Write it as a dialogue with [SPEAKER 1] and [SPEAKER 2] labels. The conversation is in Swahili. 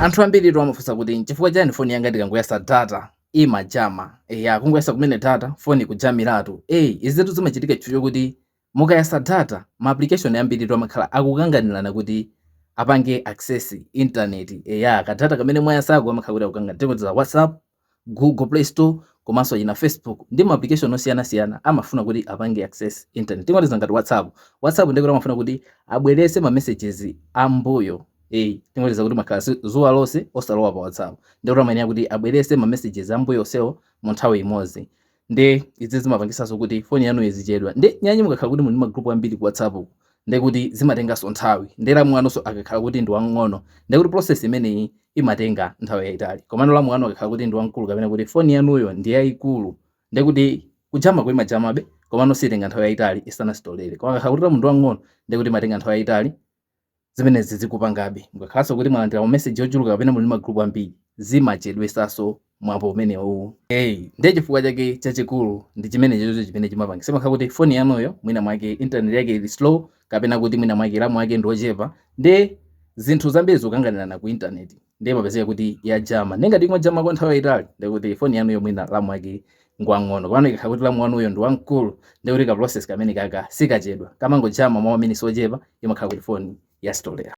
[SPEAKER 1] anthu ambiritu amafunsa kuti chifukwa chani foni yanga ndikanguyesa data imajama ya kunguyesa kumene data foni kujamiratu eyi izitu zimachitika chifukwa kuti mukayesa data ma application ambiritu amakhala akukanganirana kuti apange access internet ya kadata kamene mwayasako amakhala kuti akukanganira whatsapp google play store komanso ina facebook ndi ma application osiyanasiyana amafuna kuti apange access internet tingati zangati whatsapp whatsapp ndikuti amafuna kuti abwerese ma messages amboyo Eh, timweteza kuti makhala zuwa lonse osalowa pa whatsapp ndi kuti amayenera kuti abwerese ma messages ambuyo sewo mu nthawi imodzi ndi izi zimapangisanso kuti phone yanu izichedwa ndi nyanyi mukakhala kuti muli group ambiri ku whatsapp ndi kuti zimatenganso nthawi ndi lamwanonso akakhala kuti ndi wang'ono ndi kuti process imeneyi imatenga nthawi yayitali komano la lamwanu akakhala kuti ndi wamkulu kapena kuti foni yanuyo ndi yayikulu ndi kuti kujama kwe majamabe komano sitenga nthawi yayitali isanasitolere kwa akakhala kuti la wang'ono ndi kuti imatenga nthawi yayitali zimene zizi kupangabe ngakhalanso kuti mwalandira message yochuluka kapena muli magrupu ambiri zimachedwe saso mwapo umenewu hey, ndiye chifukwa chake chachikulu ndi chimene chocho chimene chimapangisa makhala kuti foni yanoyo mwina mwake internet yake ili slow kapena kuti mwina mwake ramu yake ndi ochepa nde zinthu zambezo kukanganirana ku internet ndiye mapezeka kuti ya jama yajama nengati jama kwa nthawi yayitali ndekuti foni yanoyo mwina lamu yake ngwang'ono pano ikakhala kuti ramu wanuyo ndi wamkulu ndekuti ka process kamene kaka sikachedwa jama mwa amene siochepa imakhala kuti foni yesterday